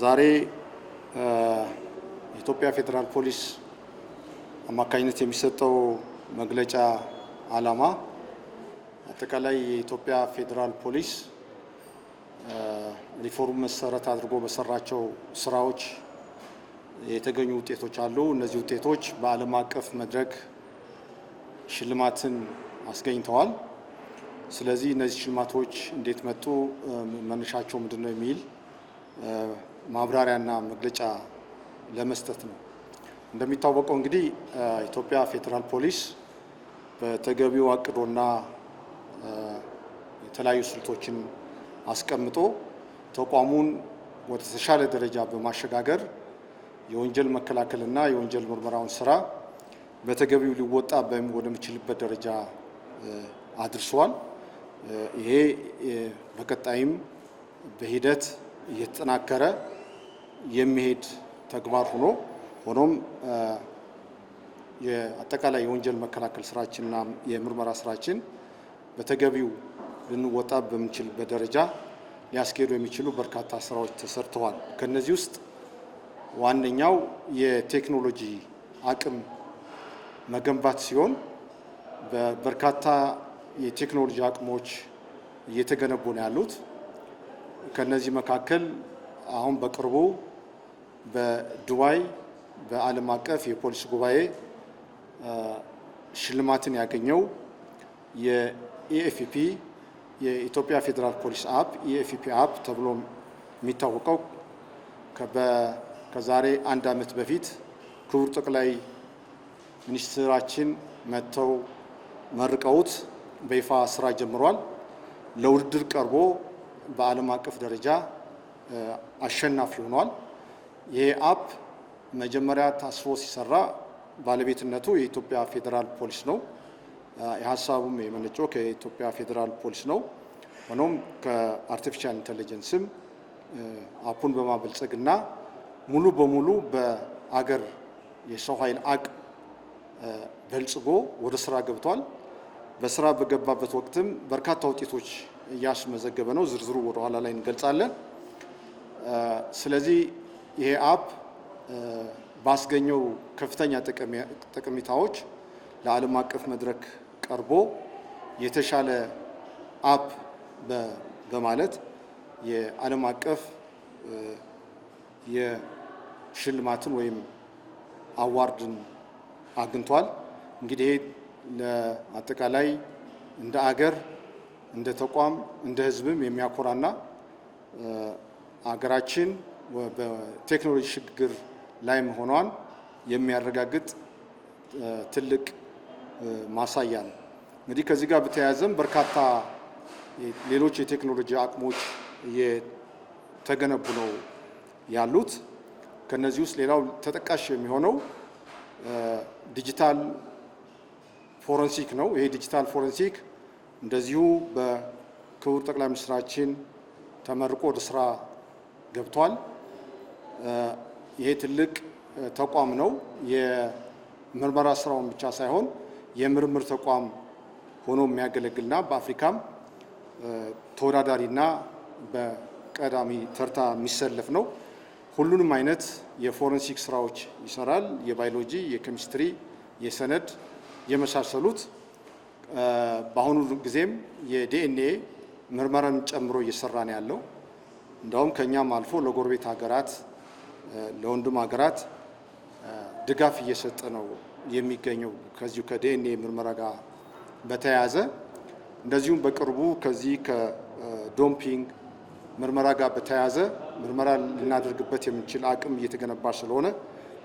ዛሬ የኢትዮጵያ ፌዴራል ፖሊስ አማካኝነት የሚሰጠው መግለጫ ዓላማ አጠቃላይ የኢትዮጵያ ፌዴራል ፖሊስ ሪፎርም መሰረት አድርጎ በሰራቸው ስራዎች የተገኙ ውጤቶች አሉ። እነዚህ ውጤቶች በዓለም አቀፍ መድረክ ሽልማትን አስገኝተዋል። ስለዚህ እነዚህ ሽልማቶች እንዴት መጡ፣ መነሻቸው ምንድን ነው የሚል ማብራሪያና መግለጫ ለመስጠት ነው። እንደሚታወቀው እንግዲህ ኢትዮጵያ ፌዴራል ፖሊስ በተገቢው አቅዶና የተለያዩ ስልቶችን አስቀምጦ ተቋሙን ወደ ተሻለ ደረጃ በማሸጋገር የወንጀል መከላከልና የወንጀል ምርመራውን ስራ በተገቢው ሊወጣ ወደሚችልበት ደረጃ አድርሰዋል። ይሄ በቀጣይም በሂደት እየተጠናከረ የሚሄድ ተግባር ሆኖ ሆኖም የአጠቃላይ የወንጀል መከላከል ስራችንና የምርመራ ስራችን በተገቢው ልንወጣ በምንችልበት ደረጃ ሊያስኬዱ የሚችሉ በርካታ ስራዎች ተሰርተዋል። ከነዚህ ውስጥ ዋነኛው የቴክኖሎጂ አቅም መገንባት ሲሆን በርካታ የቴክኖሎጂ አቅሞች እየተገነቡ ነው ያሉት። ከነዚህ መካከል አሁን በቅርቡ በዱባይ በዓለም አቀፍ የፖሊስ ጉባኤ ሽልማትን ያገኘው የኢኤፍፒ የኢትዮጵያ ፌዴራል ፖሊስ አፕ ኢኤፍፒ አፕ ተብሎ የሚታወቀው ከዛሬ አንድ ዓመት በፊት ክቡር ጠቅላይ ሚኒስትራችን መጥተው መርቀውት በይፋ ስራ ጀምሯል። ለውድድር ቀርቦ በዓለም አቀፍ ደረጃ አሸናፊ ሆኗል። ይሄ አፕ መጀመሪያ ታስፎ ሲሰራ ባለቤትነቱ የኢትዮጵያ ፌዴራል ፖሊስ ነው። የሀሳቡም የመነጨው ከኢትዮጵያ ፌዴራል ፖሊስ ነው። ሆኖም ከአርቲፊሻል ኢንቴሊጀንስም አፑን በማበልጸግ እና ሙሉ በሙሉ በአገር የሰው ኃይል አቅ በልጽጎ ወደ ስራ ገብቷል። በስራ በገባበት ወቅትም በርካታ ውጤቶች እያስመዘገበ ነው። ዝርዝሩ ወደኋላ ላይ እንገልጻለን። ስለዚህ ይሄ አፕ ባስገኘው ከፍተኛ ጠቀሜታዎች ለዓለም አቀፍ መድረክ ቀርቦ የተሻለ አፕ በማለት የዓለም አቀፍ የሽልማትን ወይም አዋርድን አግኝቷል። እንግዲህ ለአጠቃላይ እንደ አገር እንደ ተቋም እንደ ሕዝብም የሚያኮራና አገራችን በቴክኖሎጂ ሽግግር ላይ መሆኗን የሚያረጋግጥ ትልቅ ማሳያ ነው። እንግዲህ ከዚህ ጋር በተያያዘም በርካታ ሌሎች የቴክኖሎጂ አቅሞች እየተገነቡ ነው ያሉት። ከነዚህ ውስጥ ሌላው ተጠቃሽ የሚሆነው ዲጂታል ፎረንሲክ ነው። ይሄ ዲጂታል ፎረንሲክ እንደዚሁ በክቡር ጠቅላይ ሚኒስትራችን ተመርቆ ወደ ስራ ገብቷል። ይሄ ትልቅ ተቋም ነው። የምርመራ ስራውን ብቻ ሳይሆን የምርምር ተቋም ሆኖ የሚያገለግልና በአፍሪካም ተወዳዳሪና በቀዳሚ ተርታ የሚሰለፍ ነው። ሁሉንም አይነት የፎረንሲክ ስራዎች ይሰራል። የባዮሎጂ፣ የኬሚስትሪ፣ የሰነድ የመሳሰሉት በአሁኑ ጊዜም የዲኤንኤ ምርመራን ጨምሮ እየሰራ ነው ያለው። እንዳውም ከእኛም አልፎ ለጎረቤት ሀገራት ለወንድም ሀገራት ድጋፍ እየሰጠ ነው የሚገኘው። ከዚሁ ከዲኤንኤ ምርመራ ጋር በተያያዘ እንደዚሁም በቅርቡ ከዚህ ከዶምፒንግ ምርመራ ጋር በተያያዘ ምርመራ ልናደርግበት የምንችል አቅም እየተገነባ ስለሆነ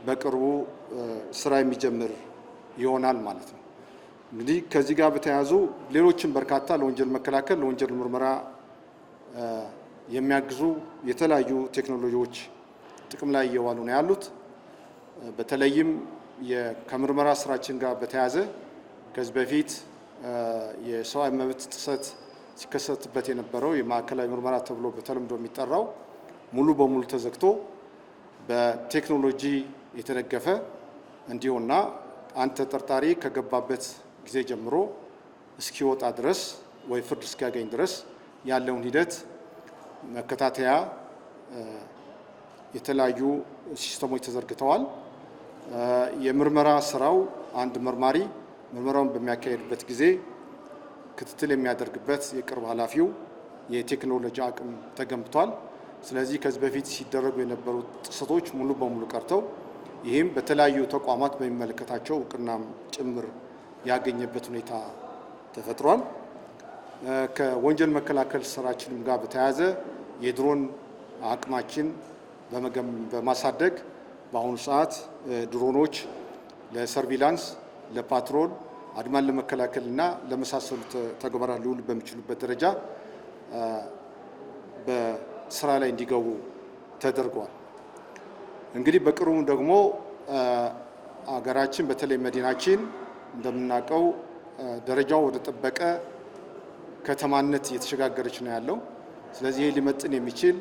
በቅርቡ ስራ የሚጀምር ይሆናል ማለት ነው። እንግዲህ ከዚህ ጋር በተያያዙ ሌሎችም በርካታ ለወንጀል መከላከል፣ ለወንጀል ምርመራ የሚያግዙ የተለያዩ ቴክኖሎጂዎች ጥቅም ላይ እየዋሉ ነው ያሉት። በተለይም ከምርመራ ስራችን ጋር በተያያዘ ከዚህ በፊት የሰብአዊ መብት ጥሰት ሲከሰትበት የነበረው የማዕከላዊ ምርመራ ተብሎ በተለምዶ የሚጠራው ሙሉ በሙሉ ተዘግቶ በቴክኖሎጂ የተደገፈ እንዲሆንና አንድ ተጠርጣሪ ከገባበት ጊዜ ጀምሮ እስኪወጣ ድረስ ወይ ፍርድ እስኪያገኝ ድረስ ያለውን ሂደት መከታተያ የተለያዩ ሲስተሞች ተዘርግተዋል። የምርመራ ስራው አንድ መርማሪ ምርመራውን በሚያካሄድበት ጊዜ ክትትል የሚያደርግበት የቅርብ ኃላፊው የቴክኖሎጂ አቅም ተገንብቷል። ስለዚህ ከዚህ በፊት ሲደረጉ የነበሩ ጥሰቶች ሙሉ በሙሉ ቀርተው ይህም በተለያዩ ተቋማት በሚመለከታቸው እውቅናም ጭምር ያገኘበት ሁኔታ ተፈጥሯል። ከወንጀል መከላከል ስራችንም ጋር በተያያዘ የድሮን አቅማችን በማሳደግ በአሁኑ ሰዓት ድሮኖች ለሰርቪላንስ፣ ለፓትሮል፣ አድማን ለመከላከል እና ለመሳሰሉ ተግባራት ሊውል በሚችሉበት ደረጃ በስራ ላይ እንዲገቡ ተደርጓል። እንግዲህ በቅርቡ ደግሞ አገራችን በተለይ መዲናችን እንደምናውቀው ደረጃው ወደ ጠበቀ ከተማነት እየተሸጋገረች ነው ያለው። ስለዚህ ይህ ሊመጥን የሚችል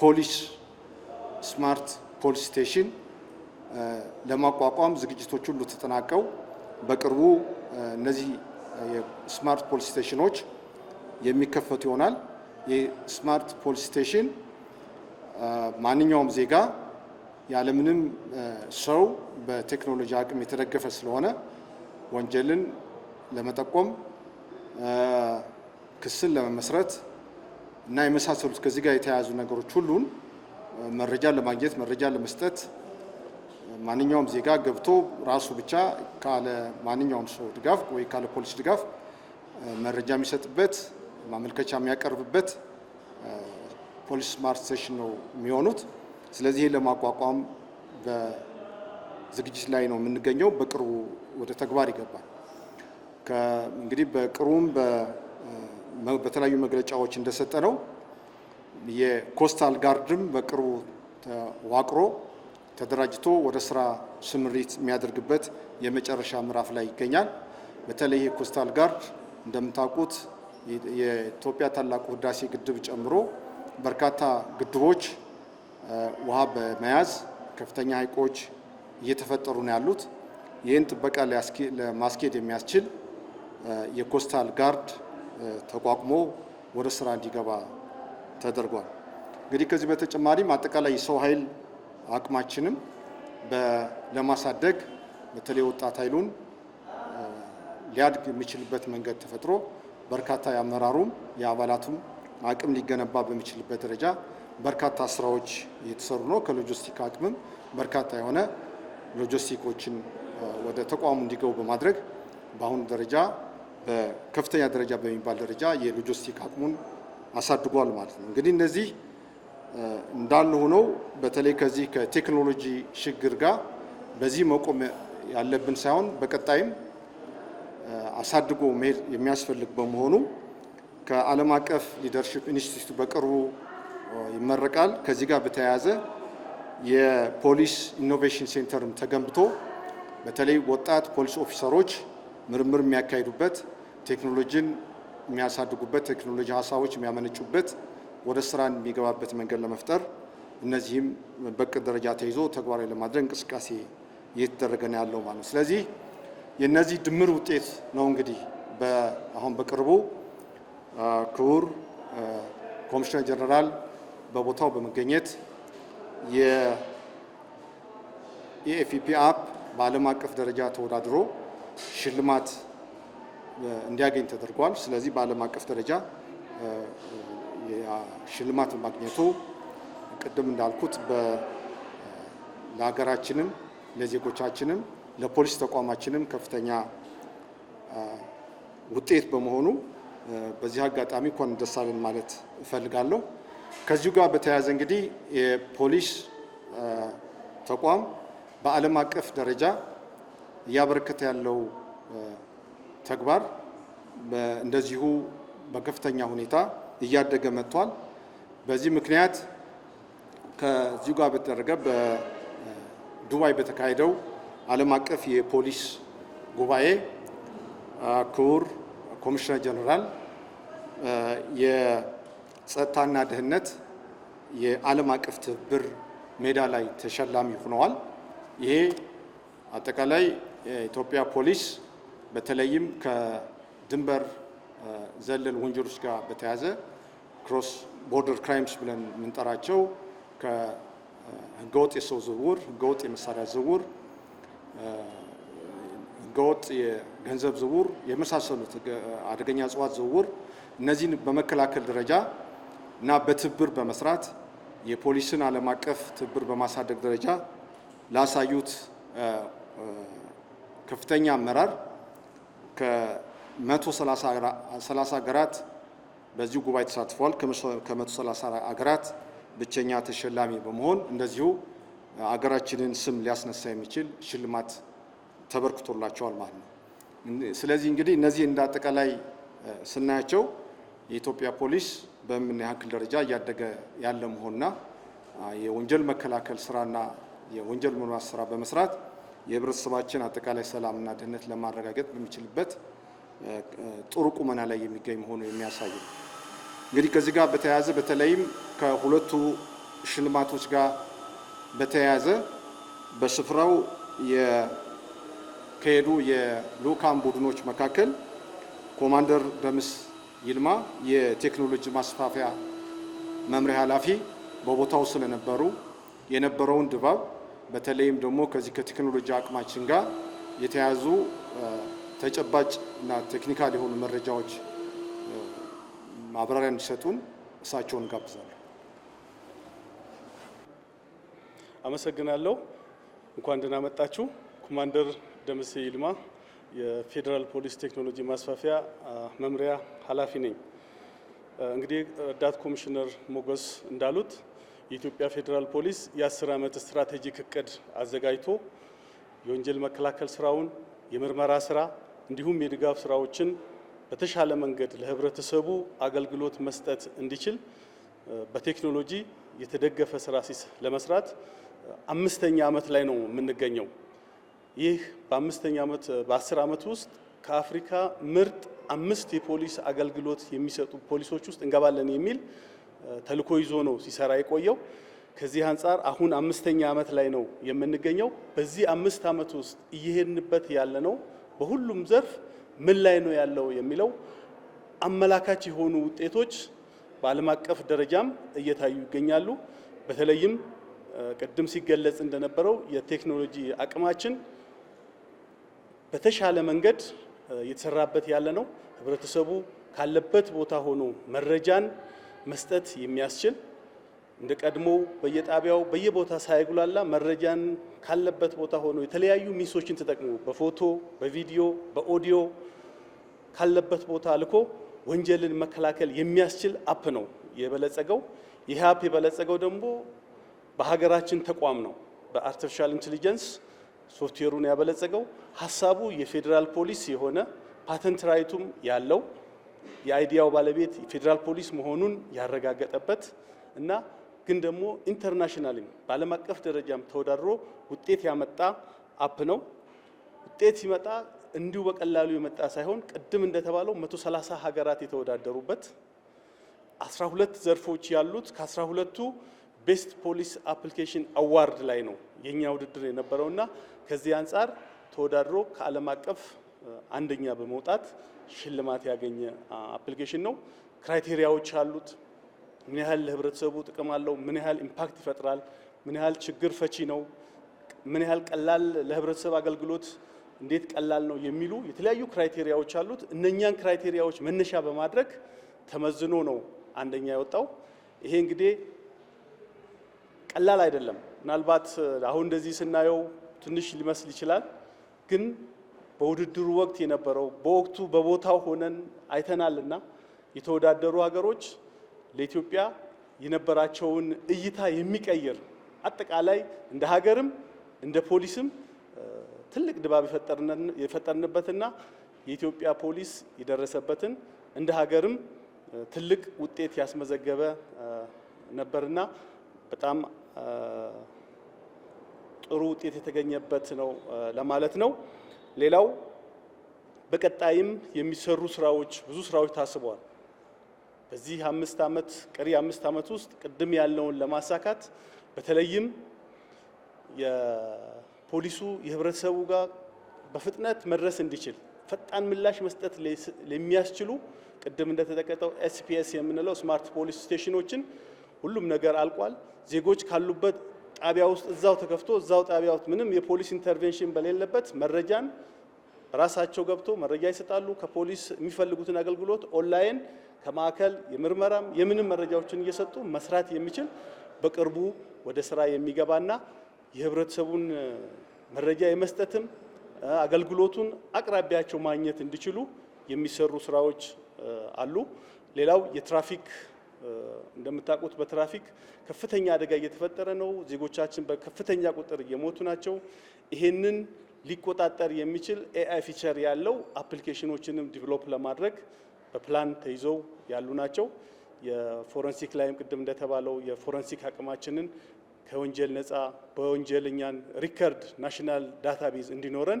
ፖሊስ ስማርት ፖሊስ ስቴሽን ለማቋቋም ዝግጅቶች ሁሉ ተጠናቀው በቅርቡ እነዚህ የስማርት ፖሊስ ስቴሽኖች የሚከፈቱ ይሆናል። የስማርት ፖሊስ ስቴሽን ማንኛውም ዜጋ ያለምንም ሰው በቴክኖሎጂ አቅም የተደገፈ ስለሆነ ወንጀልን ለመጠቆም ክስን ለመመስረት እና የመሳሰሉት ከዚህ ጋር የተያያዙ ነገሮች ሁሉን መረጃ ለማግኘት መረጃ ለመስጠት ማንኛውም ዜጋ ገብቶ ራሱ ብቻ ካለ ማንኛውም ሰው ድጋፍ ወይ ካለ ፖሊስ ድጋፍ መረጃ የሚሰጥበት ማመልከቻ የሚያቀርብበት ፖሊስ ስማርት ሴሽን ነው የሚሆኑት። ስለዚህ ይህን ለማቋቋም በዝግጅት ላይ ነው የምንገኘው። በቅርቡ ወደ ተግባር ይገባል። እንግዲህ በቅርቡም በተለያዩ መግለጫዎች እንደሰጠ ነው። የኮስታል ጋርድም በቅርቡ ተዋቅሮ ተደራጅቶ ወደ ስራ ስምሪት የሚያደርግበት የመጨረሻ ምዕራፍ ላይ ይገኛል። በተለይ የኮስታል ጋርድ እንደምታውቁት የኢትዮጵያ ታላቁ ህዳሴ ግድብ ጨምሮ በርካታ ግድቦች ውሃ በመያዝ ከፍተኛ ሀይቆች እየተፈጠሩ ነው ያሉት። ይህን ጥበቃ ለማስኬድ የሚያስችል የኮስታል ጋርድ ተቋቁሞ ወደ ስራ እንዲገባ ተደርጓል። እንግዲህ ከዚህ በተጨማሪም አጠቃላይ የሰው ኃይል አቅማችንም ለማሳደግ በተለይ ወጣት ኃይሉን ሊያድግ የሚችልበት መንገድ ተፈጥሮ በርካታ የአመራሩም የአባላቱም አቅም ሊገነባ በሚችልበት ደረጃ በርካታ ስራዎች እየተሰሩ ነው። ከሎጂስቲክ አቅምም በርካታ የሆነ ሎጂስቲኮችን ወደ ተቋሙ እንዲገቡ በማድረግ በአሁኑ ደረጃ በከፍተኛ ደረጃ በሚባል ደረጃ የሎጂስቲክ አቅሙን አሳድጓል ማለት ነው። እንግዲህ እነዚህ እንዳሉ ሆነው በተለይ ከዚህ ከቴክኖሎጂ ሽግግር ጋር በዚህ መቆም ያለብን ሳይሆን በቀጣይም አሳድጎ መሄድ የሚያስፈልግ በመሆኑ ከዓለም አቀፍ ሊደርሽፕ ኢንስቲትዩት በቅርቡ ይመረቃል። ከዚህ ጋር በተያያዘ የፖሊስ ኢኖቬሽን ሴንተርም ተገንብቶ በተለይ ወጣት ፖሊስ ኦፊሰሮች ምርምር የሚያካሂዱበት፣ ቴክኖሎጂን የሚያሳድጉበት፣ ቴክኖሎጂ ሀሳቦች የሚያመነጩበት፣ ወደ ስራ የሚገባበት መንገድ ለመፍጠር እነዚህም በቅድ ደረጃ ተይዞ ተግባራዊ ለማድረግ እንቅስቃሴ እየተደረገ ነው ያለው ማለት ነው። ስለዚህ የእነዚህ ድምር ውጤት ነው እንግዲህ አሁን በቅርቡ ክቡር ኮሚሽነር ጀነራል በቦታው በመገኘት የኤፍፒ አፕ በዓለም አቀፍ ደረጃ ተወዳድሮ ሽልማት እንዲያገኝ ተደርጓል። ስለዚህ በዓለም አቀፍ ደረጃ ሽልማት ማግኘቱ ቅድም እንዳልኩት ለሀገራችንም ለዜጎቻችንም ለፖሊስ ተቋማችንም ከፍተኛ ውጤት በመሆኑ በዚህ አጋጣሚ እንኳን ደስ አለን ማለት እፈልጋለሁ። ከዚሁ ጋር በተያያዘ እንግዲህ የፖሊስ ተቋም በዓለም አቀፍ ደረጃ እያበረከተ ያለው ተግባር እንደዚሁ በከፍተኛ ሁኔታ እያደገ መጥቷል። በዚህ ምክንያት ከዚሁ ጋር በተደረገ በዱባይ በተካሄደው ዓለም አቀፍ የፖሊስ ጉባኤ ክቡር ኮሚሽነር ጀነራል የጸጥታና ደህንነት የዓለም አቀፍ ትብብር ሜዳ ላይ ተሸላሚ ሆነዋል። ይሄ አጠቃላይ የኢትዮጵያ ፖሊስ በተለይም ከድንበር ዘለል ወንጀሎች ጋር በተያያዘ ክሮስ ቦርደር ክራይምስ ብለን የምንጠራቸው ከህገወጥ የሰው ዝውውር፣ ህገወጥ የመሳሪያ ዝውውር፣ ህገወጥ የገንዘብ ዝውውር የመሳሰሉት አደገኛ እጽዋት ዝውውር እነዚህን በመከላከል ደረጃ እና በትብብር በመስራት የፖሊስን ዓለም አቀፍ ትብብር በማሳደግ ደረጃ ላሳዩት ከፍተኛ አመራር ከ130 ሀገራት በዚህ ጉባኤ ተሳትፏል። ከ130 ሀገራት ብቸኛ ተሸላሚ በመሆን እንደዚሁ አገራችንን ስም ሊያስነሳ የሚችል ሽልማት ተበርክቶላቸዋል ማለት ነው። ስለዚህ እንግዲህ እነዚህ እንደ አጠቃላይ ስናያቸው የኢትዮጵያ ፖሊስ በምን ያክል ደረጃ እያደገ ያለ መሆንና የወንጀል መከላከል ስራና የወንጀል መኗት ስራ በመስራት የህብረተሰባችን አጠቃላይ ሰላምና ደህንነት ለማረጋገጥ በሚችልበት ጥሩ ቁመና ላይ የሚገኝ መሆኑ የሚያሳይ ነው። እንግዲህ ከዚህ ጋር በተያያዘ በተለይም ከሁለቱ ሽልማቶች ጋር በተያያዘ በስፍራው ከሄዱ የልዑካን ቡድኖች መካከል ኮማንደር ደምስ ይልማ የቴክኖሎጂ ማስፋፊያ መምሪያ ኃላፊ በቦታው ስለነበሩ የነበረውን ድባብ በተለይም ደግሞ ከዚህ ከቴክኖሎጂ አቅማችን ጋር የተያዙ ተጨባጭ እና ቴክኒካል የሆኑ መረጃዎች ማብራሪያ እንዲሰጡን እሳቸውን ጋብዛለሁ። አመሰግናለሁ። እንኳን ደህና መጣችሁ። ኮማንደር ደምሴ ይልማ የፌዴራል ፖሊስ ቴክኖሎጂ ማስፋፊያ መምሪያ ኃላፊ ነኝ። እንግዲህ ረዳት ኮሚሽነር ሞገስ እንዳሉት የኢትዮጵያ ፌዴራል ፖሊስ የአስር ዓመት ስትራቴጂክ እቅድ አዘጋጅቶ የወንጀል መከላከል ስራውን፣ የምርመራ ስራ እንዲሁም የድጋፍ ስራዎችን በተሻለ መንገድ ለህብረተሰቡ አገልግሎት መስጠት እንዲችል በቴክኖሎጂ የተደገፈ ስራ ለመስራት አምስተኛ ዓመት ላይ ነው የምንገኘው። ይህ በአምስተኛ ዓመት በአስር ዓመት ውስጥ ከአፍሪካ ምርጥ አምስት የፖሊስ አገልግሎት የሚሰጡ ፖሊሶች ውስጥ እንገባለን የሚል ተልኮ ይዞ ነው ሲሰራ የቆየው። ከዚህ አንጻር አሁን አምስተኛ ዓመት ላይ ነው የምንገኘው። በዚህ አምስት ዓመት ውስጥ እየሄድንበት ያለ ነው በሁሉም ዘርፍ ምን ላይ ነው ያለው የሚለው አመላካች የሆኑ ውጤቶች በዓለም አቀፍ ደረጃም እየታዩ ይገኛሉ። በተለይም ቅድም ሲገለጽ እንደነበረው የቴክኖሎጂ አቅማችን በተሻለ መንገድ እየተሰራበት ያለ ነው። ህብረተሰቡ ካለበት ቦታ ሆኖ መረጃን መስጠት የሚያስችል እንደ ቀድሞ በየጣቢያው በየቦታ ሳይጉላላ መረጃን ካለበት ቦታ ሆኖ የተለያዩ ሚሶችን ተጠቅሞ በፎቶ፣ በቪዲዮ፣ በኦዲዮ ካለበት ቦታ ልኮ ወንጀልን መከላከል የሚያስችል አፕ ነው የበለጸገው። ይህ አፕ የበለጸገው ደግሞ በሀገራችን ተቋም ነው። በአርቲፊሻል ኢንቴሊጀንስ ሶፍትዌሩን ያበለጸገው ሀሳቡ የፌዴራል ፖሊስ የሆነ ፓተንት ራይቱም ያለው የአይዲያው ባለቤት ፌዴራል ፖሊስ መሆኑን ያረጋገጠበት እና ግን ደግሞ ኢንተርናሽናልም በዓለም አቀፍ ደረጃም ተወዳድሮ ውጤት ያመጣ አፕ ነው። ውጤት ሲመጣ እንዲሁ በቀላሉ የመጣ ሳይሆን ቅድም እንደተባለው 130 ሀገራት የተወዳደሩበት 12 ዘርፎች ያሉት ከ12ቱ ቤስት ፖሊስ አፕሊኬሽን አዋርድ ላይ ነው የኛ ውድድር የነበረውና ከዚህ አንጻር ተወዳድሮ ከዓለም አቀፍ አንደኛ በመውጣት ሽልማት ያገኘ አፕሊኬሽን ነው። ክራይቴሪያዎች አሉት። ምን ያህል ለህብረተሰቡ ጥቅም አለው? ምን ያህል ኢምፓክት ይፈጥራል? ምን ያህል ችግር ፈቺ ነው? ምን ያህል ቀላል ለህብረተሰብ አገልግሎት እንዴት ቀላል ነው የሚሉ የተለያዩ ክራይቴሪያዎች አሉት። እነኛን ክራይቴሪያዎች መነሻ በማድረግ ተመዝኖ ነው አንደኛ የወጣው። ይሄ እንግዲህ ቀላል አይደለም። ምናልባት አሁን እንደዚህ ስናየው ትንሽ ሊመስል ይችላል ግን በውድድሩ ወቅት የነበረው በወቅቱ በቦታው ሆነን አይተናልና የተወዳደሩ ሀገሮች ለኢትዮጵያ የነበራቸውን እይታ የሚቀይር አጠቃላይ እንደ ሀገርም እንደ ፖሊስም ትልቅ ድባብ የፈጠርንበትና የኢትዮጵያ ፖሊስ የደረሰበትን እንደ ሀገርም ትልቅ ውጤት ያስመዘገበ ነበርና በጣም ጥሩ ውጤት የተገኘበት ነው ለማለት ነው። ሌላው በቀጣይም የሚሰሩ ስራዎች ብዙ ስራዎች ታስበዋል። በዚህ አምስት ዓመት ቀሪ አምስት ዓመት ውስጥ ቅድም ያለውን ለማሳካት በተለይም የፖሊሱ የህብረተሰቡ ጋር በፍጥነት መድረስ እንዲችል ፈጣን ምላሽ መስጠት ለሚያስችሉ ቅድም እንደተጠቀጠው ኤስፒኤስ የምንለው ስማርት ፖሊስ ስቴሽኖችን ሁሉም ነገር አልቋል። ዜጎች ካሉበት ጣቢያ ውስጥ እዛው ተከፍቶ እዛው ጣቢያ ውስጥ ምንም የፖሊስ ኢንተርቬንሽን በሌለበት መረጃን ራሳቸው ገብቶ መረጃ ይሰጣሉ። ከፖሊስ የሚፈልጉትን አገልግሎት ኦንላይን ከማዕከል የምርመራም የምንም መረጃዎችን እየሰጡ መስራት የሚችል በቅርቡ ወደ ስራ የሚገባና የህብረተሰቡን መረጃ የመስጠትም አገልግሎቱን አቅራቢያቸው ማግኘት እንዲችሉ የሚሰሩ ስራዎች አሉ። ሌላው የትራፊክ እንደምታውቁት በትራፊክ ከፍተኛ አደጋ እየተፈጠረ ነው። ዜጎቻችን በከፍተኛ ቁጥር እየሞቱ ናቸው። ይሄንን ሊቆጣጠር የሚችል ኤአይ ፊቸር ያለው አፕሊኬሽኖችንም ዲቨሎፕ ለማድረግ በፕላን ተይዘው ያሉ ናቸው። የፎረንሲክ ላይም ቅድም እንደተባለው የፎረንሲክ አቅማችንን ከወንጀል ነፃ በወንጀለኛን ሪከርድ ናሽናል ዳታቤዝ እንዲኖረን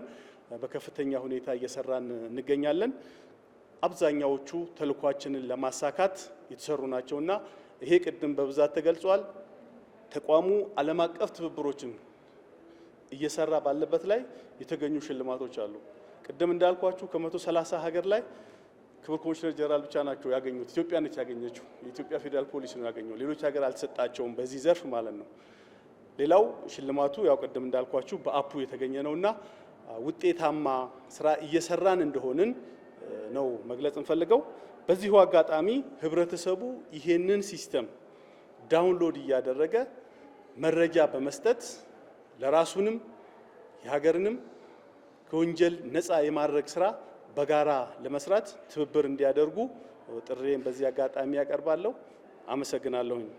በከፍተኛ ሁኔታ እየሰራን እንገኛለን። አብዛኛዎቹ ተልኳችንን ለማሳካት የተሰሩ ናቸውና ይሄ ቅድም በብዛት ተገልጿል። ተቋሙ ዓለም አቀፍ ትብብሮችን እየሰራ ባለበት ላይ የተገኙ ሽልማቶች አሉ። ቅድም እንዳልኳችሁ ከመቶ ሰላሳ ሀገር ላይ ክብር ኮሚሽነር ጀነራል ብቻ ናቸው ያገኙት። ኢትዮጵያ ነች ያገኘችው። የኢትዮጵያ ፌዴራል ፖሊስ ነው ያገኘው። ሌሎች ሀገር አልተሰጣቸውም በዚህ ዘርፍ ማለት ነው። ሌላው ሽልማቱ ያው ቅድም እንዳልኳችሁ በአፑ የተገኘ ነውና ውጤታማ ስራ እየሰራን እንደሆንን ነው መግለጽ እንፈልገው። በዚሁ አጋጣሚ ህብረተሰቡ ይሄንን ሲስተም ዳውንሎድ እያደረገ መረጃ በመስጠት ለራሱንም የሀገርንም ከወንጀል ነፃ የማድረግ ስራ በጋራ ለመስራት ትብብር እንዲያደርጉ ጥሬን በዚህ አጋጣሚ ያቀርባለሁ። አመሰግናለሁኝ።